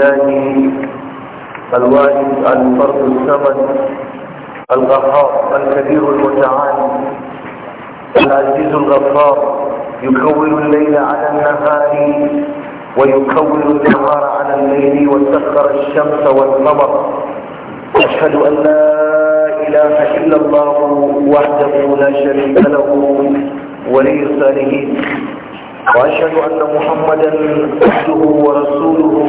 لله الواجب الفرد الثمن الغفار الكبير المتعال العزيز الغفار يكون الليل على النهار ويكون النهار على الليل وسخر الشمس والقمر أشهد أن لا إله إلا الله وحده لا شريك له ولي صالحين وأشهد أن محمدا عبده ورسوله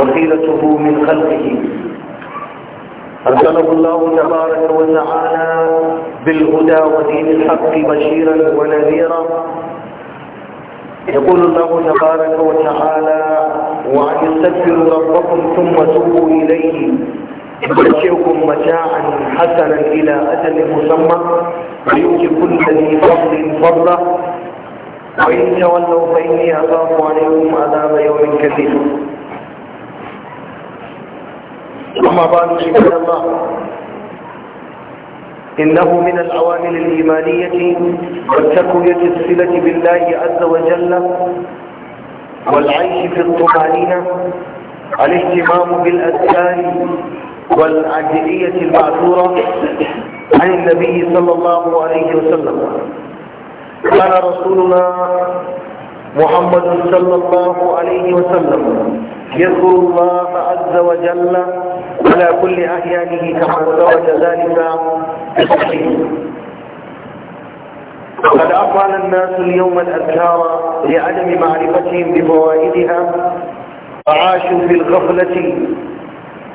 وحيلته من خلقه أرسله الله تبارك وتعالى بالهدى ودين الحق بشيرا ونذيرا يقول الله تبارك وتعالى وأن استغفروا ربكم ثم توبوا إليه يبشركم متاعا حسنا إلى أجل مسمى ويؤتي كل ذي فضل فضله وإن تولوا فإني أخاف عليكم عذاب يوم كثير وما بعد عباد الله إنه من العوامل الإيمانية والتكوية الصلة بالله عز وجل والعيش في الطمأنينة الاهتمام بالأذكار والأدعية المعثورة عن النبي صلى الله عليه وسلم كان رسولنا محمد صلى الله عليه وسلم يذكر الله عز وجل على كل أحيانه كما ثبت ذلك قد أطال الناس اليوم الأذكار لعدم معرفتهم بفوائدها وعاشوا في الغفلة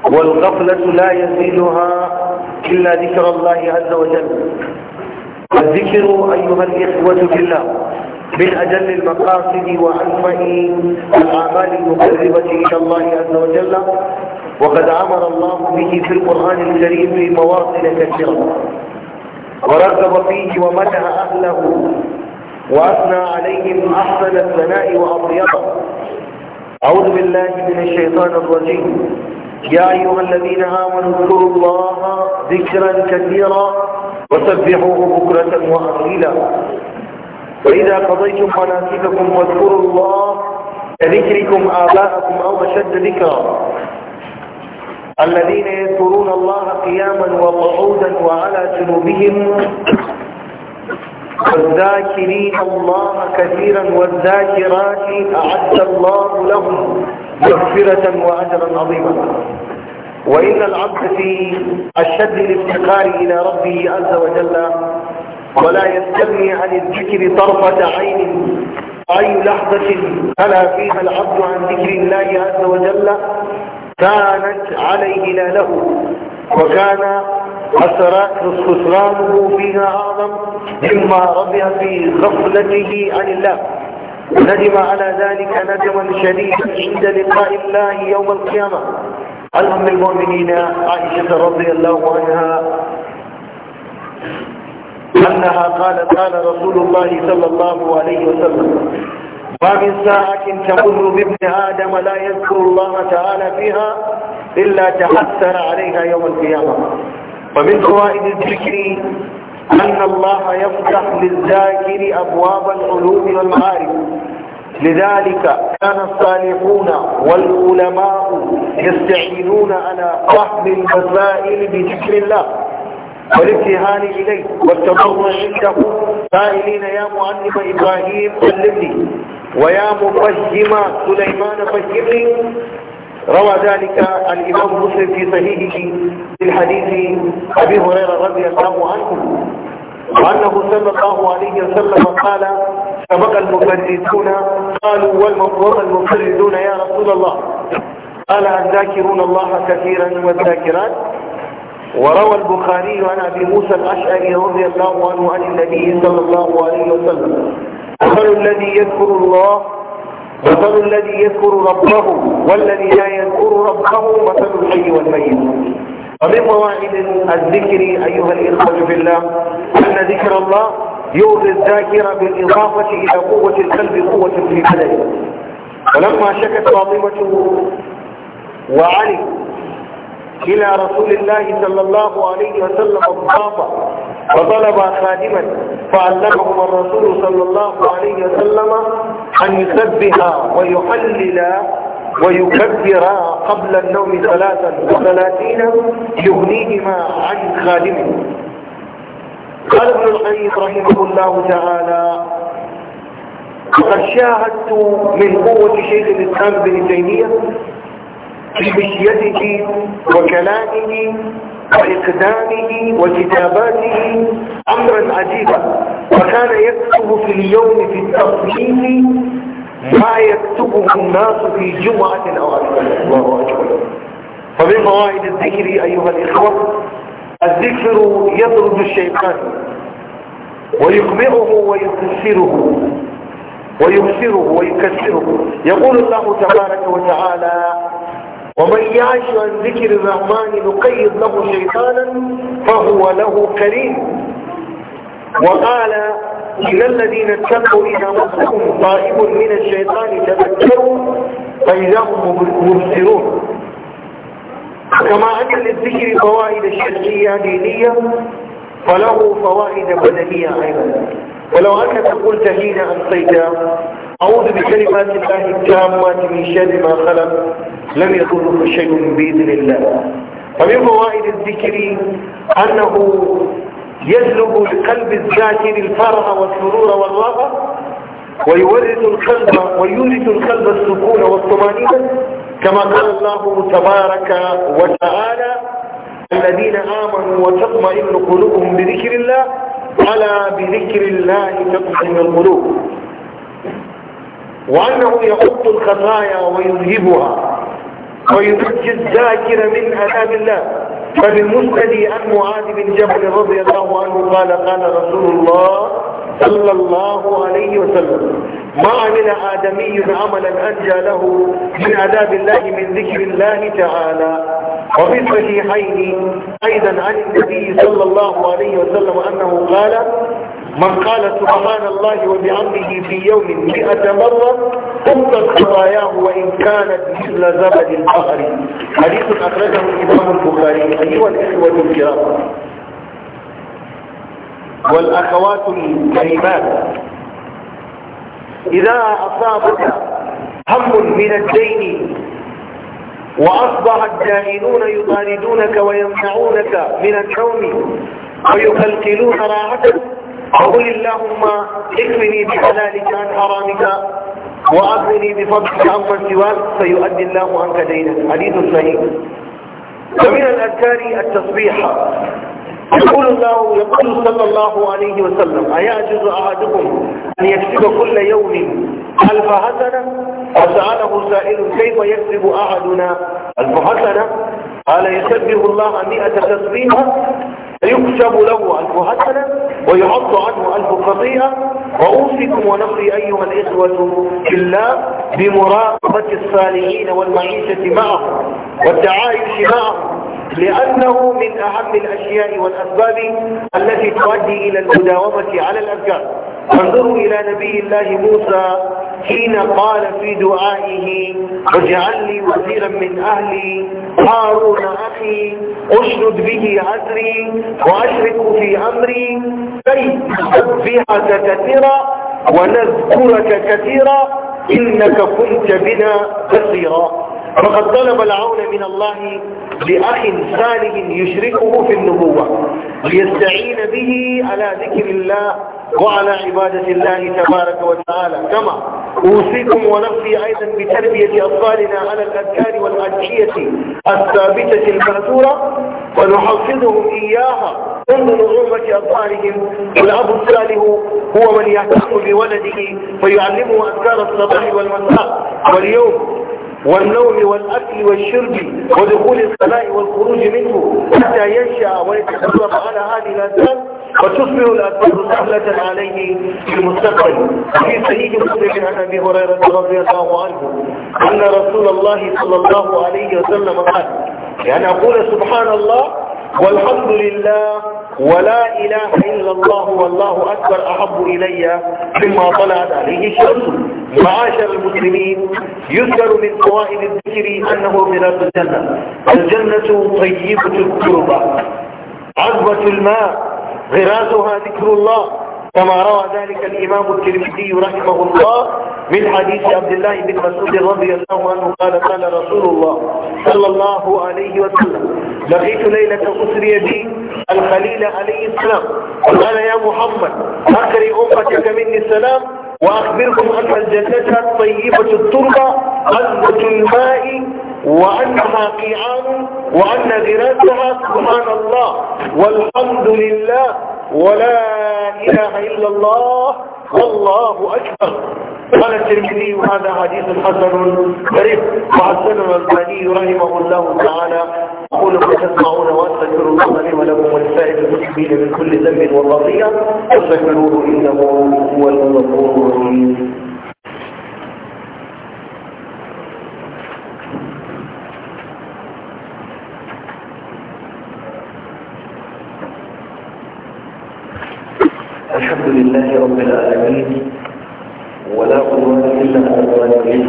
والغفلة لا يزيدها إلا ذكر الله عز وجل الذكر أيها الإخوة في الله من أجل المقاصد وأنفع الأعمال المقربة إلى الله عز وجل وقد عمر الله به في القرآن الكريم في مواطن كثيرة ورغب فيه ومدح أهله وأثنى عليهم أحسن الثناء وأطيبه أعوذ بالله من الشيطان الرجيم يا أيها الذين آمنوا اذكروا الله ذكرا كثيرا وسبحوه بكرة وأصيلا وإذا قضيتم مناسككم فاذكروا الله كذكركم آباءكم أو أشد ذكرا الذين يذكرون الله قياما وقعودا وعلى جنوبهم والذاكرين الله كثيرا والذاكرات أعد الله لهم مغفرة وأجرا عظيما وإن العبد في أشد الافتقار إلى ربه عز وجل ولا يستغني عن الذكر طرفة عين أي لحظة ألا فيها العبد عن ذكر الله عز وجل كانت عليه لا له وكان خسرانه فيها أعظم مما رضي في غفلته عن الله ندم على ذلك ندما شديدا عند لقاء الله يوم القيامة عن أم المؤمنين عائشة رضي الله عنها أنها قالت قال رسول الله صلى الله عليه وسلم ما من ساعة تمر بابن آدم لا يذكر الله تعالى فيها إلا تحسر عليها يوم القيامة ومن فوائد الذكر أن الله يفتح للذاكر أبواب العلوم والمعارف لذلك كان الصالحون والعلماء يستعينون على فهم المسائل بذكر الله والابتهال إليه والتضرع عنده قائلين يا معلم إبراهيم علمني ويا مفهم سليمان فهمني روى ذلك الإمام مسلم في صحيحه في الحديث أبي هريرة رضي الله عنه وأنه صلى الله عليه وسلم قال سبق المفردون قالوا والمفردون يا رسول الله قال الذاكرون الله كثيرا والذاكرات وروى البخاري عن أبي موسى الأشعري رضي الله عنه عن النبي صلى الله عليه وسلم مثل الذي يذكر الله مثل الذي يذكر ربه والذي لا يذكر ربه مثل الحي والميت ومن مواعيد الذكر أيها الإخوة في الله أن ذكر الله يؤذي الذاكرة بالإضافة إلى قوة القلب قوة في بدنه ولما شكت فاطمة وعلي إلى رسول الله صلى الله عليه وسلم الضابة فطلب خادما فعلمهم الرسول صلى الله عليه وسلم أن يسبها ويحلل ويكبر قبل النوم ثلاثا وثلاثين يغنيهما عن خادمه قال ابن القيم رحمه الله تعالى وقد شاهدت من قوة شيخ الإسلام بن تيمية في مشيته وكلامه وإقدامه وكتاباته أمرا عجيبا وكان يكتب في اليوم في التصميم ما يكتبه الناس في جمعة أو أكثر الله أكبر فمن الذكر أيها الإخوة الذكر يطرد الشيطان ويقبعه ويكسره ويكسره ويكسره يقول الله تبارك وتعالى ومن يعش عن ذكر الرحمن نقيض له شيطانا فهو له كريم وقال إلى الذين اتقوا إذا مسهم طائب من الشيطان تذكروا فإذا هم مبصرون كما أن للذكر فوائد شرعية دينية فله فوائد بدنية أيضا ولو أنك قلت حين أنصيت أعوذ بكلمات الله التامات من شر ما خلق لم يضره شيء بإذن الله فمن فوائد الذكر أنه يجلب لقلب الذاكر الفرح والسرور والرغبة ويورث القلب ويورث القلب السكون والطمأنينة كما قال الله تبارك وتعالى الذين آمنوا وتطمئن قلوبهم بذكر الله ألا بذكر الله تطمئن القلوب وأنه يحط الخطايا ويذهبها ويفج الذاكر من ألام الله فبالمسند عن معاذ بن جبل رضي الله عنه قال قال رسول الله صلى الله عليه وسلم ما عمل آدمي عملا أنجى له من عذاب الله من ذكر الله تعالى وفي الصحيحين أيضا عن النبي صلى الله عليه وسلم أنه قال من قال سبحان الله وبعمه في يوم مئة مرة قمت خطاياه وإن كانت مثل زبد البحر حديث أخرجه الإمام البخاري أيها الإخوة الكرام والأخوات الكريمات إذا أصابك هم من الدين وأصبح الدائنون يطاردونك ويمنعونك من النوم ويقلقلون راحتك فقل اللهم اكفني بحلالك عن حرامك واغنني بفضلك عمن سواك فيؤدي الله عنك دينك حديث صحيح ومن الأذكار التصبيح يقول الله يقول صلى الله عليه وسلم أيعجز أحدكم أن يكسب كل يوم ألف حسنة فسأله سائل كيف يكسب أحدنا ألف حسنة قال يسبح الله مئة تسبيحة فيكتب له ألف حسنة ويعض عنه ألف خطيئة وأوصيكم ونفسي أيها الإخوة بالله بمراقبة الصالحين والمعيشة معهم والتعايش معهم لأنه من أهم الأشياء والأسباب التي تؤدي إلى المداومة على الأفكار فانظروا إلى نبي الله موسى حين قال في دعائه اجعل لي وزيرا من أهلي هارون أخي أشرد به عذري وأشرك في أمري كي تسبحك كثيرا ونذكرك كثيرا إنك كنت بنا بصيرا فقد طلب العون من الله لأخ صالح يشركه في النبوة ليستعين به على ذكر الله وعلى عبادة الله تبارك وتعالى كما أوصيكم ونفسي أيضا بتربية أطفالنا على الأذكار والأدعية الثابتة المأثورة ونحفظهم إياها منذ نعومة أطفالهم والأب الصالح هو من يهتم بولده فيعلمه أذكار الصباح والمساء واليوم والنوم والأكل والشرب ودخول الخلاء والخروج منه حتى ينشأ ويتدرب على هذه الأسباب وتصبح الأسباب سهلة عليه في المستقبل في صحيح مسلم عن أبي هريرة رضي الله عنه أن رسول الله صلى الله عليه وسلم قال يعني أقول سبحان الله والحمد لله ولا إله إلا الله والله أكبر أحب إلي مما طلعت عليه الشمس معاشر المسلمين يذكر من فوائد الذكر أنه مراد الجنة الجنة طيبة التربة عذبة الماء غراسها ذكر الله كما روى ذلك الإمام الترمذي رحمه الله من حديث عبد الله بن مسعود رضي الله عنه قال قال رسول الله صلى الله عليه وسلم لقيت ليلة أسري بي الخليل عليه السلام قال يا محمد أقري أمتك مني السلام وأخبركم أن الجنة طيبة التربة غزة الماء وأنها قيعان وأن غراسها سبحان الله والحمد لله ولا إله إلا إلا الله والله أكبر قال الترمذي وهذا حديث حسن غريب وحسنه الباني رحمه الله تعالى يقول ما تسمعون وأستغفر الله لي ولكم ولسائر المسلمين من كل ذنب وخطيئة فاستغفروه إنه هو الغفور الرحيم الحمد لله رب العالمين ولا قوة إلا على الظالمين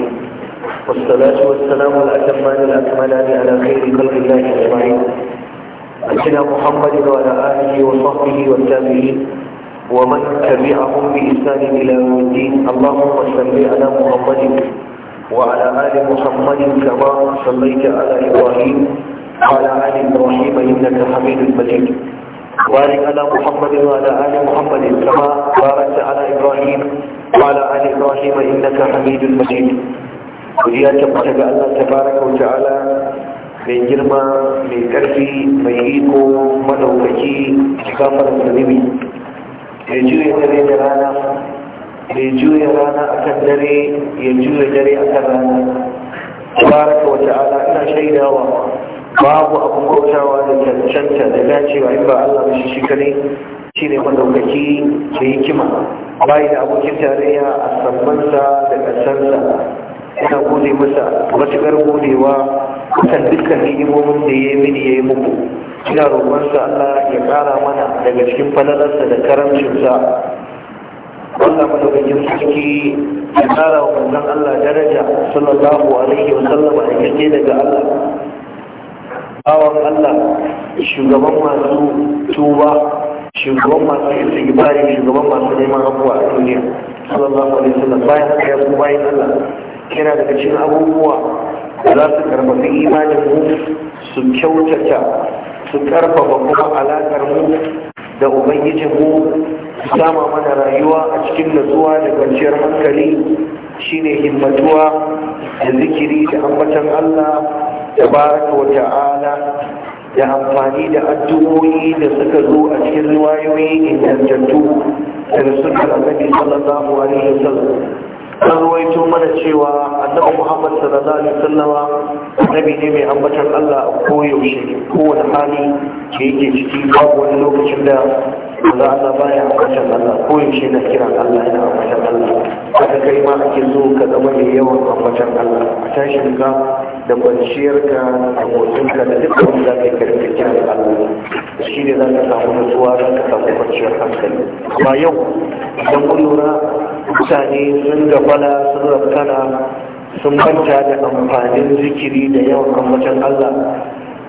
والصلاة والسلام الأتمان الأكملان على خير خلق الله أجمعين سيدنا محمد وعلى آله وصحبه والتابعين ومن تبعهم بإحسان إلى يوم الدين اللهم صل على محمد وعلى آل محمد كما صليت على إبراهيم وعلى آل إبراهيم إنك حميد مجيد وبارك على محمد وعلى آل محمد كما باركت على إبراهيم وعلى آل إبراهيم إنك حميد مجيد وليا تبارك الله تبارك وتعالى mai girma mai ƙarfi mai iko madaukaki kafar zunubi ya juya dare da rana ya juya rana a kan dare ya juya dare a kan rana baraka wata ala ina shaidawa babu abin bautawa da cancanta da dacewa in ba Allah ba shi shi kare shi ne madaukaki da hikima bayi da abokin tarayya a sammansa da ƙasarsa ina gode masa matuƙar godewa kan dukkan ni'imomin da ya yi mini ya yi muku ina roƙonsa Allah ya ƙara mana daga cikin falalarsa da karamcinsa Allah madaukakin sarki ya ƙara wa manzon Allah daraja sallallahu alaihi wa sallama da kake daga Allah bawan Allah shugaban masu tuba shugaban masu istigbari shugaban masu neman abuwa a duniya sallallahu alaihi wasallam bayan haka ya kuma bayan Allah kina daga cikin abubuwa da za su karfafi imanin mu su kyautata su karfafa kuma alakar mu da ubangijin mu su sama mana rayuwa a cikin natsuwa da kwanciyar hankali shine himmatuwa da zikiri da ambatan Allah tabaraka wa ta'ala da amfani da addu'o'i da suka zo a cikin riwayoyi ingantattu daga sunan annabi sallallahu alaihi wasallam an ruwaito mana cewa annabi muhammad sallallahu alaihi wasallama annabi ne mai ambatar allah a koyaushe kowane hali da yake ciki babu wani lokacin da za a Allah ya ambatar allah koyaushe na kira allah yana ambatar allah haka kai ma ake so ka zama mai yawan ambatar allah a tashin ka da kwanciyarka a motsinka da duk wani za ka yi karfi kiran Da shi ne za ka samu nutsuwa za ka samu kwanciyar hankali amma yau don kun mutane sun gabala sun rafkana sun manta da amfanin zikiri da yawan kammacin Allah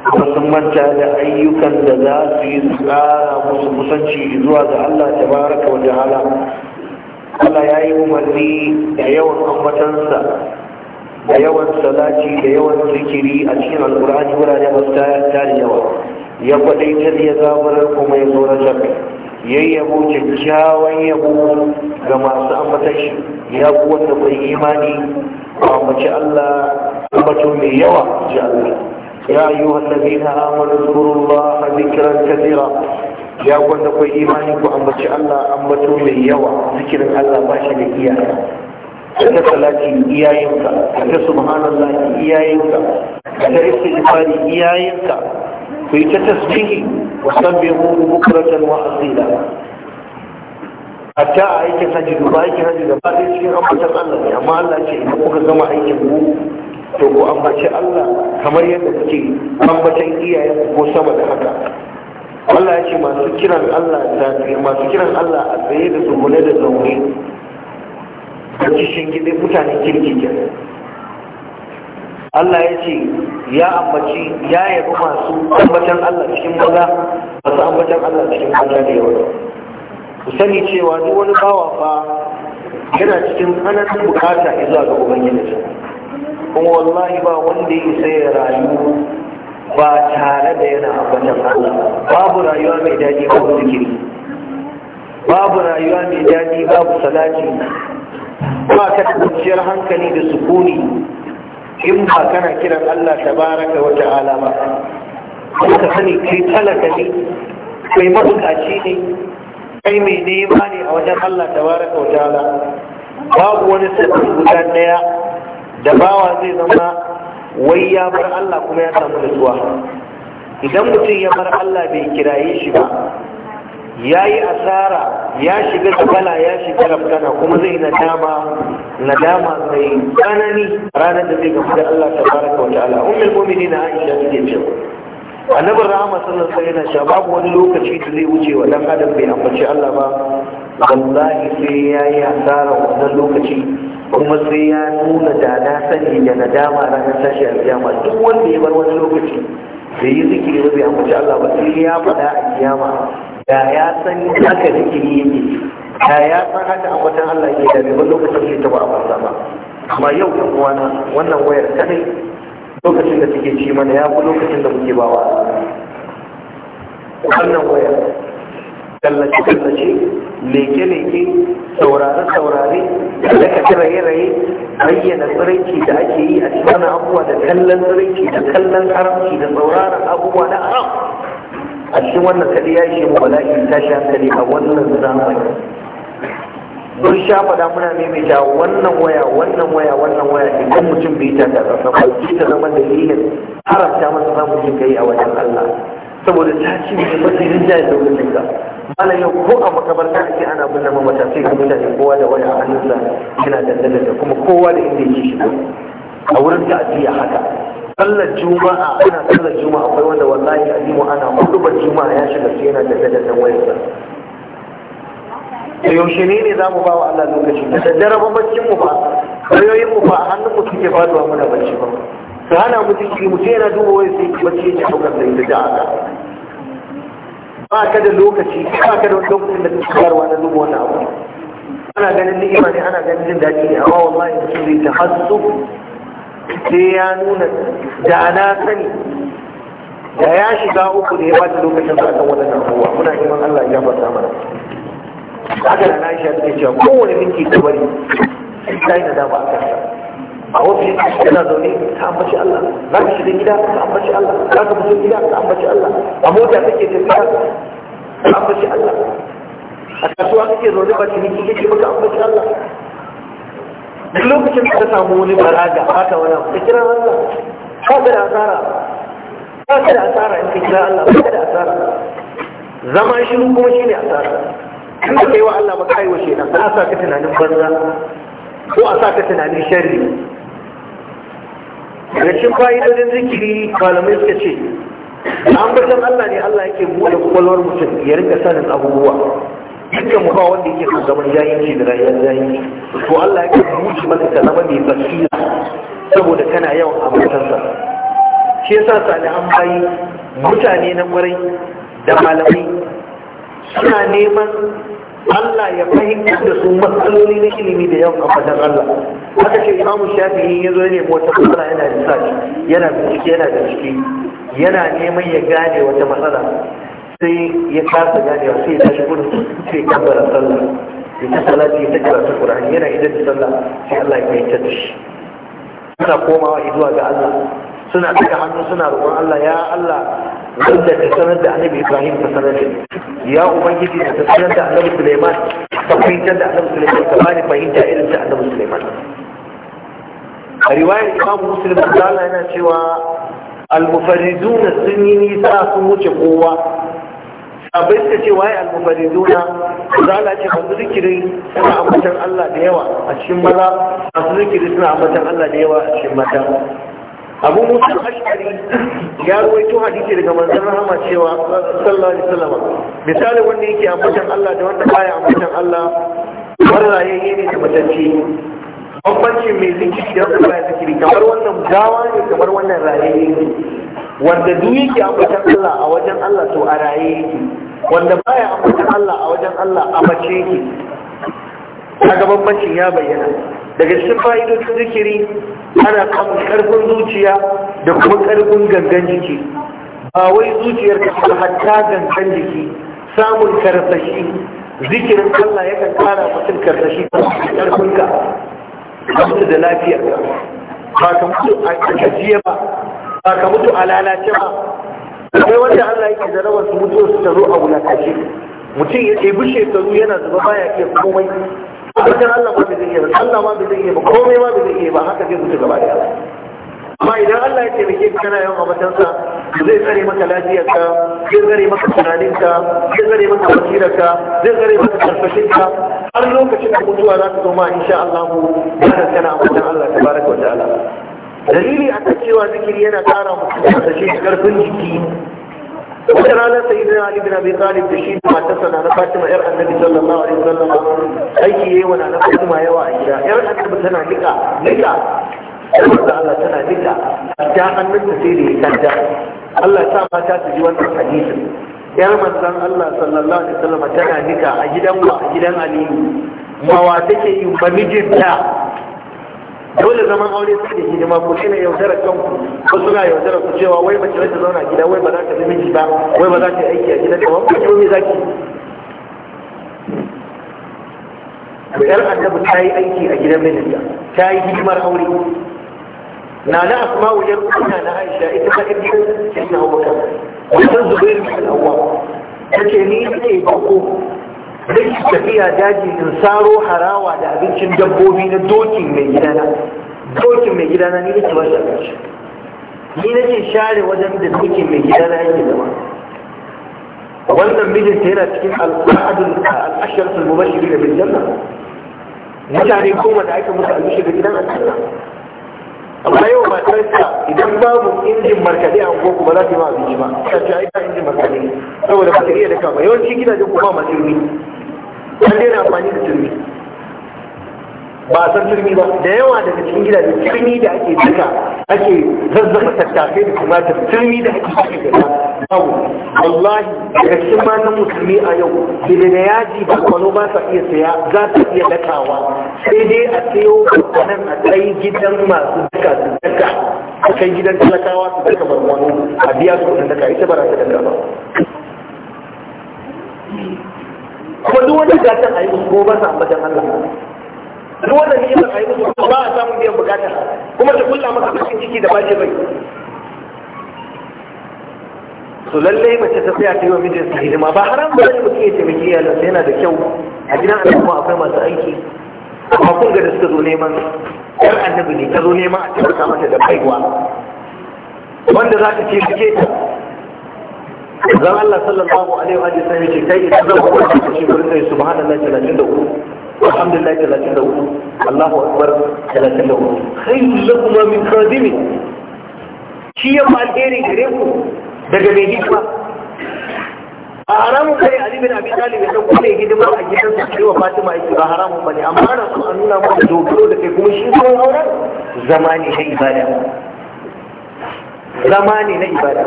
kuma sun manta da ayyukan da za su yi tsara musu kusanci zuwa ga Allah ta baraka wa hala. Allah ya yi umarni da yawan ambatansa da yawan salati da yawan zikiri a cikin alkur'ani wurare masu tarin yawa ya kwadaitar ya zaburar kuma ya tsoratar yayyabo kyakkyawan yabo ga masu ambatan shi ya ku wanda bai imani a mace Allah ambato mai yawa ji Allah ya ayyuha allazina amanu a dhikran kathira ya wanda bai imani ku ambaci Allah ambato mai yawa zikirin Allah ba shi da iyaka ka ta salati iyayenka ka ta subhanallah iyayenka ka ta istighfari iyayenka ku yi ta tasbihi wa sabbihu bukratan wa asila hatta a aikin hajji duba aikin hajji da ba dai cikin ambatan Allah ne amma Allah ce in kuka gama aikin ku to ku ambaci Allah kamar yadda kuke ambatan iyayen ko sama da haka Allah ya ce masu kiran Allah masu kiran Allah a tsaye da tsugune da zaune da cikin gidi mutane kirki ke Allah ya ce ya ambaci ya yabi masu ambatan Allah cikin maza masu ambatan Allah cikin maza da yawa ku sani cewa duk wani bawa fa yana cikin tsananin bukata zuwa ga ubangiji kuma wallahi ba wanda ya isa ya rayu ba tare da yana ambatan Allah babu rayuwa mai daɗi babu zikiri babu rayuwa mai daɗi babu salati ba ka da kwanciyar hankali da sukuni in ba kana kiran Allah tabaraka wa ta'ala ba ka sani kai talaka ne kai mabukaci ne kai mai nema ne a wajen Allah tabaraka wa ta'ala babu wani sabon guda daya da bawa zai zama wai ya bar Allah kuma ya samu nutsuwa idan mutum ya bar Allah bai kiraye shi ba ya yi asara ya shiga kala ya shiga rafkana kuma zai nadama nadama mai tsanani ranar da zai gamu da Allah ta baraka wa ta'ala ummul na Aisha take cewa annabi rahama sallallahu alaihi wasallam sha, babu wani lokaci da zai wuce wa dan adam bai ambaci Allah ba wallahi sai ya yi asara wannan lokaci kuma sai ya nuna da na sani da nadama ranar tashi alkiyama duk wanda ya bar wani lokaci bai yi zikiri ba bai ambaci Allah ba sai ya faɗa a kiyama da ya san haka zikiri yake da ya san haka ambaton Allah yake da bai lokacin da ta ba a ba amma yau da na wannan wayar kadai lokacin da suke ci mana ya fi lokacin da muke bawa wannan wayar tallace-tallace leke-leke saurare-saurare da ka ci raye-raye bayyana tsiranci da ake yi a cikin abubuwa da kallon tsiranci da kallon haramci da sauraron abubuwa na haram a cikin wannan kadi ya ishe mu bala'i tashi hankali a wannan zamani mun sha faɗa muna maimaita wannan waya wannan waya wannan waya idan mutum bai ta da ba ki ta zama dalilin haramta masa samun jin kai a wajen Allah saboda ta ci ne mafi rinjaye da wurin ka malam yau ko a makabarta ake ana binne mamata sai ga mutane kowa da waya a hannunsa yana dandalin da kuma kowa da inda yake shigo a wurin ajiya haka sallar juma'a ana sallar juma'a akwai wanda wallahi azimu ana hudubar juma'a ya shiga sai yana da da wayarsa da yaushe ne ne za mu ba wa Allah lokaci da daddare ba baccin mu ba rayoyin mu ba hannun mu suke faduwa muna bacci ba su hana mu jiki mu yana duba wai sai ki bacci yake daukar da ita da haka ba ka da lokaci ba ka da wani lokacin da ta karwa na duba wani abu ana ganin ni'ima ne ana ganin jin daɗi ne amma wallahi mutum zai ta hasu sai ya nuna da na sani da ya shiga uku da ya da lokacin sa akan waɗannan abubuwa muna iman Allah ya ba mana Aka da na isha take cewa kowane minti ta bari ta yi nadama a kansa a wasu yana zaune ka ambaci Allah za ka shiga gida ka ambaci Allah za ka fito gida ka ambaci Allah a mota kake tafiya ka ambaci Allah a kasuwa kake zaune ba ciniki kake ba ka ambaci Allah duk lokacin da samu wani baraga haka wani abu ta kira Allah ba ka da asara ba ka da asara in ka kira Allah ba ka da asara zama shiru kuma shi ne asara in ka kai wa Allah ba kai wa na a sa ka tunanin banza ko a sa ka tunanin sharri daga cikin fa'idodin zikiri malamai suka ce an bar Allah ne Allah yake buɗe kwakwalwar mutum ya rinka sanin abubuwa Duk mu ba wanda yake son zaman jahilci da rayuwar jahilci to Allah ya kan buci maka ka zama mai basira saboda kana yawan ambatansa shi yasa salihan bayi mutane na kwarai da malamai suna neman Allah ya fahimta da su matsaloli na ilimi da yawan ambatar Allah haka ce imamu shafi'i ya zo ne wata matsala yana da yana bincike yana da ciki yana neman ya gane wata matsala sai ya kasa gane wa sai ya tashi gudu sai ya kabbara sallah ya ta salati ya ta karatu yana idan da sallah sai Allah ya kai ta dashi suna komawa zuwa ga Allah suna daga hannu suna roƙon Allah ya Allah wanda ta sanar da Annabi Ibrahim ta sanar da ya ubangiji da ta sanar da Annabi Sulaiman ta fahimtar da Annabi Sulaiman ta bani fahimta irin ta Annabi Sulaiman a riwayar Imam Muslim Allah yana cewa al-mufarriduna sun yi nisa sun wuce kowa abai suka ce waye al-mubarizuna za a ce masu zikiri suna ambatan Allah da yawa a cikin maza masu zikiri suna ambatan Allah da yawa a cikin mata abu musa ashari ya ruwaito hadisi daga manzon rahama cewa sallallahu alaihi wasallam misali wanda yake ambatan Allah da wanda baya ambatan Allah warraye ne da matacce bambancin mai zikiri da wanda zikiri kamar wannan gawa ne kamar wannan raye ne wanda duk yake ambatan Allah a wajen Allah to a raye yake wanda baya ambata Allah a wajen Allah a mace yake gaban bambancin ya bayyana daga cikin fa'idodin zikiri ana kamun karfin zuciya da kuma karfin gangan jiki ba wai zuciyar ka ba hatta gangan jiki samun karfashi zikirin Allah ya yakan kara mutum karfashi ta karfin ka mutu da lafiyar ka ba ka mutu a gajiya ba ba ka mutu a lalace ba Sai wanda Allah yake da rawar su mutuwa su taro a wulakashe mutum ya ɗebi shekaru yana zuba baya iya komai wajen Allah ma bai zai iya ba Allah ma bai zai iya ba komai ma bai zai iya ba haka zai mutu gaba daya amma idan Allah ya taimake ka kana yawan abatansa zai tsare maka lafiyarka zai tsare maka tunaninka zai tsare maka basirarka zai tsare maka karfashinka har lokacin da mutuwa za ta zo ma insha Allah mu kana kana abudan Allah ta tabaraka wa ta'ala dalili a kan cewa zikiri yana ƙara mutum da shi ƙarfin jiki wata ranar sai da Ali bin Abi Talib da shi matarsa na Fatima yar Annabi sallallahu alaihi wasallam aiki yayi wa na Fatima yawa a gida yar Annabi tana nika nika Allah Allah tana nika ta hannunta sai da ya kanta Allah sa mata su ji wannan hadisin yar manzon Allah sallallahu alaihi wasallam tana nika a gidan wa a gidan Aliyu mawa take yi ba mijinta dole zaman aure su da hidima ko shi ne yaudarar kanku ko suna yaudarar ku cewa wai mace wacce zauna gida wai ba za ta zama miji ba wai ba za ta yi aiki a gida ka wani kuma me za ki to yar annabi ta yi aiki a gidan mijinta ta yi hidimar aure na na asma'u yar kuna na aisha ita ta ɗan gidan sayyidina abubakar wannan zubair bin awwam ce ni ne bako rage tafiya daji in saro harawa da abincin dabbobi na dokin mai gidana dokin mai gidana ni nake ba shi abinci ni nake share wajen da dokin mai gidana yake zama wannan mijinta yana cikin al'adun al'ashar sulmubashiri da bin janna mutane goma da aka musu abinci da gidan al'adun amma yau matarsa idan babu injin markade a goku kuma za ta yi ma abinci ba ta ce aika injin markade saboda ba ta iya daka ba yawanci gidajen kuma ma turmi an daina amfani da turmi ba a san turmi ba da yawa daga cikin gidajen turmi da ake daka ake zazzaba tattafe da kuma da turmi da ake daka gaba babu wallahi daga cikin matan musulmi a yau da da yaji ba kwano ba sa iya saya za ta iya dakawa sai sayo nan a kai gidan masu duka su daga a kai gidan talakawa su daga barkonan a biya su kudin daga ita ba za ta daka ba kuma duk wani gatan a yi musu gobe na jan Allah duk wani ne yana a yi musu ba a samun biyan bukata kuma ta kulla maka cikin ciki da bashi bai Su lallai mace ta tsaya ta yi wa mijinsa hidima ba haram ba ne mutum ya taimaki yana da kyau a gidan kuma akwai masu aiki amma kun ga da suka zo neman yar annabi ne ta zo neman a cikin mata da baiwa wanda za ta ce ke ta zan Allah sallallahu alaihi wa sallam ce kai idan zan kuma ta ce gurin sai subhanallahi 33 alhamdulillah 33 Allahu akbar 33 khairul kuma min khadimi shi yamma ma alheri gare ku daga mai hikima a haramun kai Ali bin Abi Talib ya dauko mai hidima a gidan su kai Fatima yake ba haramun bane amma ana so a nuna maka dogaro da kai kuma shi zuwan auren zama ne na ibada zama ne na ibada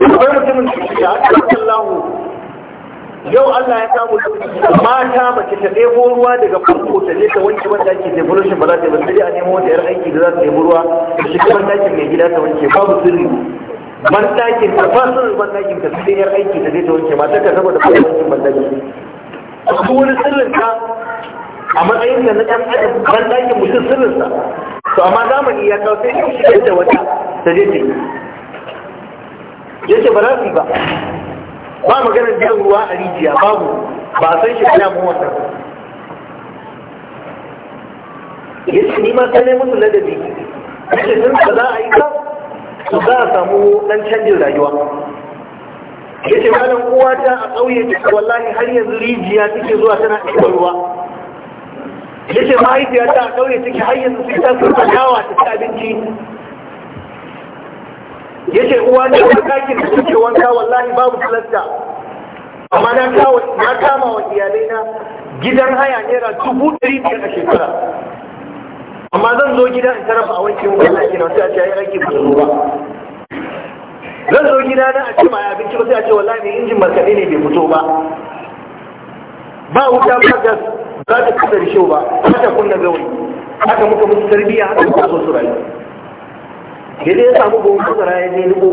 akwai mutumin da ya sallahu yau Allah ya samu mata mace ta ɗebo ruwa daga farko ta je ta wanke wanda ake devolution ba za ta yi ba sai a nemo wata yar aiki da za ta ɗebo ruwa ta shiga wanda ake mai gida ta wanke babu sirri ban da ka ba sirrin ban ɗakin sai yar aiki da zai ta wanke mata ka saboda ban ɗakin ban ɗakin su wani sirrin ka a matsayin da na ɗan adam ban mutum sirrinsa. to amma zamani ya kawo sai shi shigar da wata ta je ciki yace ba za su yi ba ba maganar biyan ruwa a rijiya babu ba a san shi ana mu wannan yace ni ma sai musu ladabi yace sun ba za a yi ba to za a samu dan canjin rayuwa ya ce malam ta a ƙauye ta wallahi har yanzu rijiya take zuwa tana ɗaya ruwa ya ce mahaifiyata a ƙauye take har yanzu sai ta sun fadawa ta ci abinci ya ce uwa ne ta ɗakin da suke wanka wallahi babu kalasta. amma na kama wa iyalai na gidan haya naira dubu ɗari biyar a shekara amma zan zo gida in tarafa a wancan wani ake na wasu a ce ai aiki ba su ba zan zo gida na a ce ma abinci ba sai a ce wallahi ne injin markaɗe ne bai fito ba ba wuta ba gas za ta kasa da shi ba za ta kunna gawai, haka muka musu tarbiyya haka muka so su rayu da ya samu gobe masara ya je dubo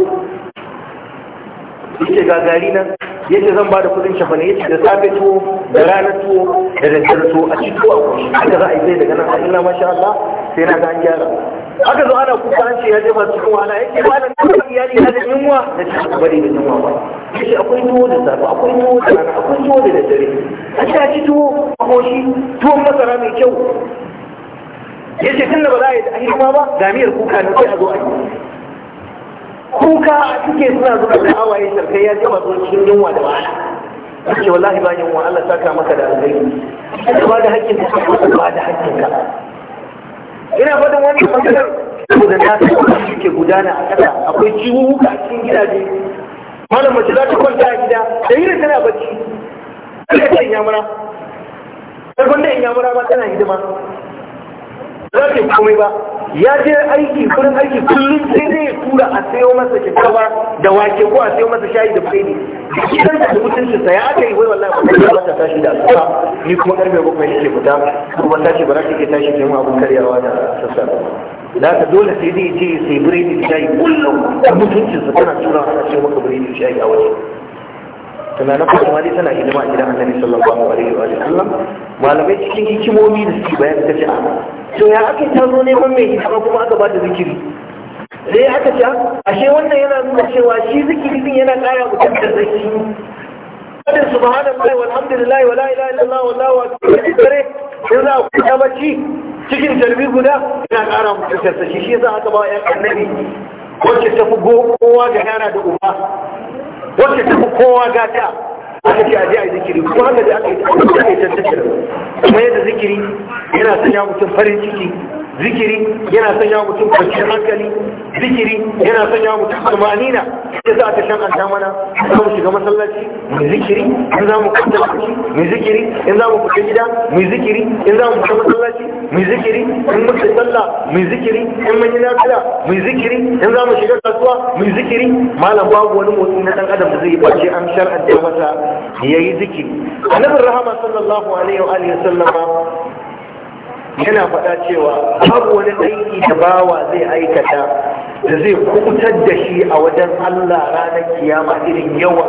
yake gagari nan yace zan ba da kudin shafa ne yace da safe tuwo da rana tuwo da daddare tuwo a ci tuwo a kwashi za a yi sai daga nan illa masha Allah sai na ga an gyara Aka zo ana kuka an ce ya jefa cikin wahala yake ba da kuma iyali na da yunwa da ci bari da yunwa ba yace akwai tuwo da safe akwai tuwo da rana akwai tuwo da daddare a ci a ci tuwo a kwashi tuwon masara mai kyau yace tunda ba za a yi da ahirma ba ga miyar kuka ne sai a zo a yi kuka suke suna zuba da hawaye sarkai ya gama zuwa cikin yunwa da wahala ake wallahi ba yunwa Allah saka maka da alheri ba da hakkin ka ba da hakkin ka ina fadin wannan maganar saboda na san ke gudana a ƙasa akwai ciwuka a cikin gidaje malam mace za ta kwanta a gida da yi tana bacci sai ta iya mura sai kwanta in mura ma tana hidima za ta yi komai ba ya je aiki kurin aiki kullum sai zai tura a sayo masa kyakkyawa da wake ko a sayo masa shayi da faini. da gidan da mutum su ya aka yi wai wallahi ba za ta tashi da asuba ni kuma karfe bakwai ke fita kuma tashi ba ta ke tashi kin abun karyawa da sassa da ka dole sai dai ce sai biredi da shayi kullum da mutuncin sa tana tura a sayo maka biredi da shayi a waje tunanin kuma dai tana hidima a gidan annabi sallallahu alaihi wa sallam malamai cikin hikimomi da suke bayan ta ce a to ya aka ta zo neman mai hikima kuma aka bada zikiri sai aka ce ashe wannan yana nuna cewa shi zikiri din yana kara mutum da zaki kada subhanallahi walhamdulillahi wala ilaha illallah wallahu akbar kare sai za ku ta bacci cikin tarbi guda yana kara mutum da zaki shi yasa aka ba ya annabi wacce ta fi kowa ga yara da uba wacce ta fi kowa aka ce aje a yi zikiri kuma haka da aka yi ta kuma yadda zikiri yana sanya mutum farin ciki zikiri yana sanya mutum kwanciyar hankali zikiri yana sanya mutum tumanina ya za ta shan anta mana za mu shiga masallaci mai zikiri in za mu kwanta kuci mai zikiri in za mu fita gida mai zikiri in za mu fita masallaci mai zikiri in muka tsalla mai zikiri in mun yi mai zikiri in za mu shiga kasuwa mai zikiri malam babu wani motsi na dan adam da zai bace an shar'anta masa yayi zikiri annabi rahama sallallahu alaihi wa alihi sallama yana faɗa cewa babu wani aiki da bawa zai aikata da zai kubutar da shi a wajen Allah ranar kiyama irin yawa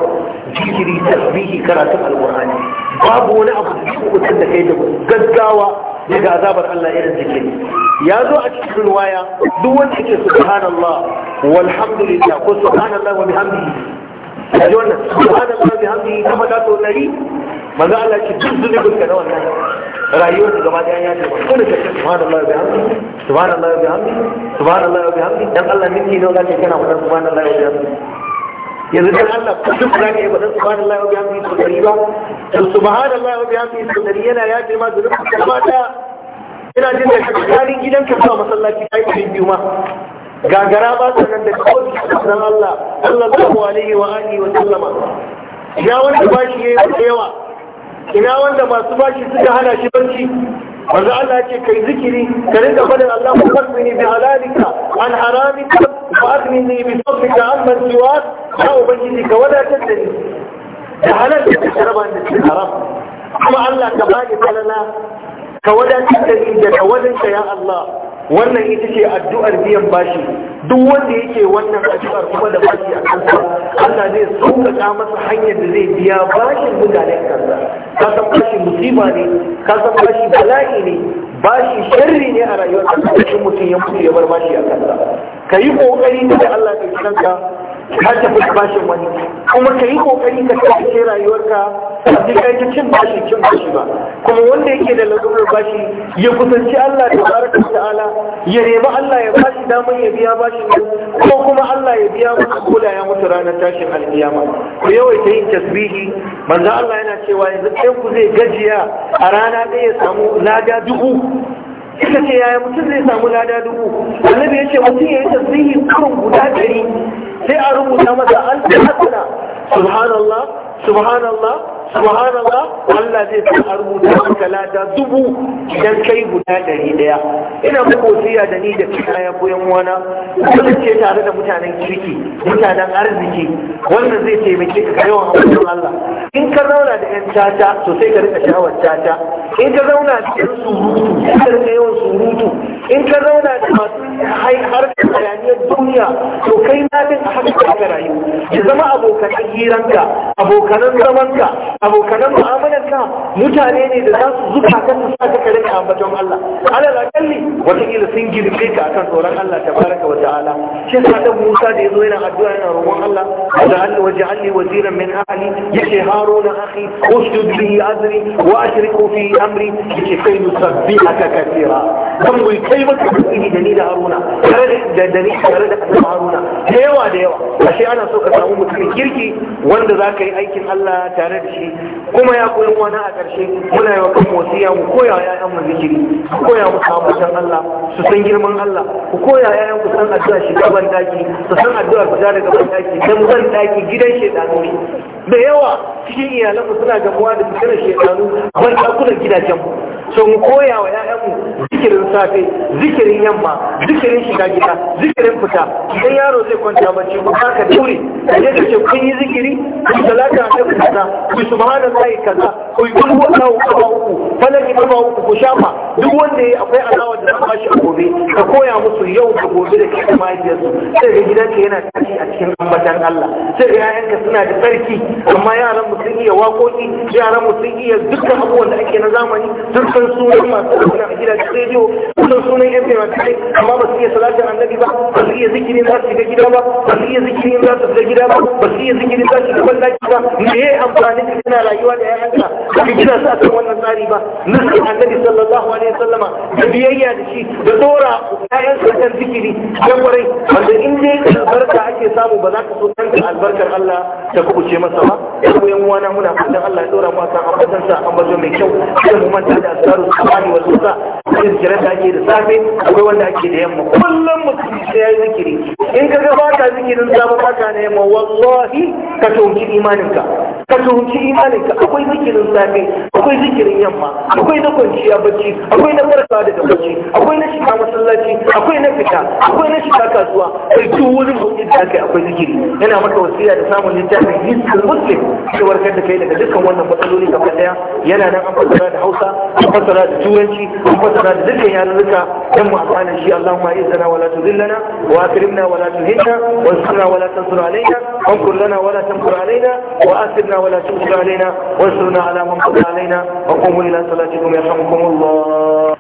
jikiri tasbihi karatun alkur'ani babu wani abu da kubutar da kai da gaggawa daga azabar Allah irin zikiri ya zo a cikin waya duk wanda yake subhanallah walhamdulillah ko subhanallah wa bihamdihi kaji wannan subhanallah wa bihamdihi kama da to dari manzo Allah ce duk zunubin ka na wannan rayuwar ka gaba daya ya ce ko da kake subhanallahi wa bihamdi subhanallahi wa bihamdi subhanallahi wa bihamdi dan Allah miki ne ga kana wannan subhanallahi wa bihamdi yanzu dan Allah kullum za ka yi faɗin subhanallahi wa bihamdi to dari ba to subhanallahi wa bihamdi to dari yana ya ce ma zunubin ka gaba ina jin da gidan gidanka zuwa masallaci kai ɗari biyu ma gagara ba ta nan da kawai sunan Allah sallallahu alaihi wa alihi wa sallama ya yayi yawa ina wanda masu bashi suka hana shi barci manzo Allah ce kai zikiri ka rinka faɗin Allahu fakkini bi halalika an haramika wa aghnini bi fadlika amma siwak ya ubangiji ka wadatar da ni da halal da ka raba da cikin haram kuma Allah ka bani falala ka wadatar da ni da tawadin ya Allah wannan ita ce addu'ar biyan bashi duk wanda yake wannan addu'ar kuma da baki a kansa Allah zai sauƙaƙa masa hanyar da zai biya bashin mutane kansa ka san bashi musiba ne ka san bashi bala'i ne bashi sharri ne a rayuwar kansa mutum ya mutu ya bar bashi a kansa ka yi da Allah ya kanka ka tafi bashin wani kuma ka yi kokari ka kasance rayuwarka ka sai ka cin bashi cin bashi ba kuma wanda yake da lalurar bashi ya kusanci Allah da barakar ta'ala ya nemi Allah ya bashi damar ya biya bashi ko kuma Allah ya biya maka kula ya mutu ranar tashin alkiyama ku yawaita yin tasbihi manzo Allah yana cewa yanzu ɗayan ku zai gajiya a rana ɗaya ya samu lada dubu suka ce yaya mutum zai samu lada dubu annabi ya ce mutum ya yi tasbihi karin guda ɗari sai a rubuta masa an hasana subhanallah subhanallah subhanallah Allah zai san a rubuta maka lada dubu idan kai guda ɗari ɗaya ina muku da ni da kaya ko wana uwana ce tare da mutanen kirki mutanen arziki wannan zai taimake ka yawan hawan Allah in ka rauna da yan tata to sai ka rika shawar caca. in ka zauna da yan surutu ka rika yawan surutu in ka zauna da masu harkar hayaniyar duniya to kai na din a haka ka rayu ya zama abokanan hiranka zaman, abokan abokanan ka, mutane ne da za su zuka ka su sa ka rika ambaton Allah alal akalli wata sun girbe ka akan tsoron Allah tabaraka wa ta'ala shi sa dan Musa da yazo yana addu'a yana roƙon Allah waja'alni waja'alni waziran min ahli yake haruna akhi ushdud bihi azri wa ashriku fi amri yace kai nusabbihaka kathira kan mu kai maka tasbihi da ni da haruna tare da da ni tare da haruna da yawa da yawa ashe ana so ka samu mutum kirki wanda za ka yi aikin Allah tare da shi kuma ya koyi na a ƙarshe muna yi wa kan wasiya mu koya wa ƴaƴan mu zikiri ku koya mu kamatan Allah su san girman Allah ku koya ƴaƴan ku san addu'a shi gaban daki su san addu'a fita daga ban daki dan ban daki gidan shedanu da yawa cikin iyalan suna gamuwa da fitarar shedanu a ban takuna gidaje gidajenmu so mu koya wa 'ya'yanmu zikirin safe zikirin yamma zikirin shiga gida zikirin fita idan yaro zai kwanta bacci ku ka dure kaje da ce kun yi zikiri ku salata ta kaza ku subhanallahi kaza ku yi kulhu Allahu kaba uku falaki kaba uku ku shafa duk wanda yi akwai alawa da ba shi gobe ka koya musu yau da gobe da kike mahaifiyarsu sai ga gidanka yana tafi a cikin ambatan Allah sai ga yayanka suna da sarki. amma yaran mu sun iya waƙoƙi yaran mu sun iya dukkan abubuwan da ake na zamani sun san sunan masu a gidaje rediyo kullum sunan yan fimantari amma ba su iya salatin annabi ba ba su iya zikirin za su shiga gida ba ba su iya zikirin za su ga gida ba ba su iya zikirin za su shiga bandaki ba me ya amfani da suna rayuwa da yayanka ba ka gina su a kan wannan tsari ba nufin annabi sallallahu alaihi wasallama da biyayya da shi da dora yayansa kan zikiri yan kwarai wanda in dai albarka ake samu ba za ka so kanka albarkar Allah ta kubuce masa ba ko yan uwana muna fatan Allah ya dora mu akan ambatansa ambato mai kyau sai mu manta da asaru sabani wa zuza akwai da ake da safe akwai wanda ake da yamma kullum mutum sai ya yi zikiri in ka ga baka zikirin safe baka na yamma wallahi ka tauki imaninka ka zuci imaninka akwai zikirin safe akwai zikirin yamma akwai na kwanciya bacci akwai na farkawa daga bacci akwai na shiga masallaci akwai na fita akwai na shiga kasuwa kai duk wurin mutum da kai akwai zikiri yana maka wasiya da samun littafin hisul muslim da warkar da kai daga dukkan wannan matsaloli gaba daya yana nan an fassara da Hausa an fassara da Turanci an fassara da dukkan yarurruka dan mu amfana shi Allahumma izzana wala tudillana wa akrimna wala tuhinna wa ansurna wala tansur alaina wa lana wala tankur alaina wa asirna علينا ولا تغضب علينا وانصرنا على من قضى علينا وقوموا إلى صلاتكم يرحمكم الله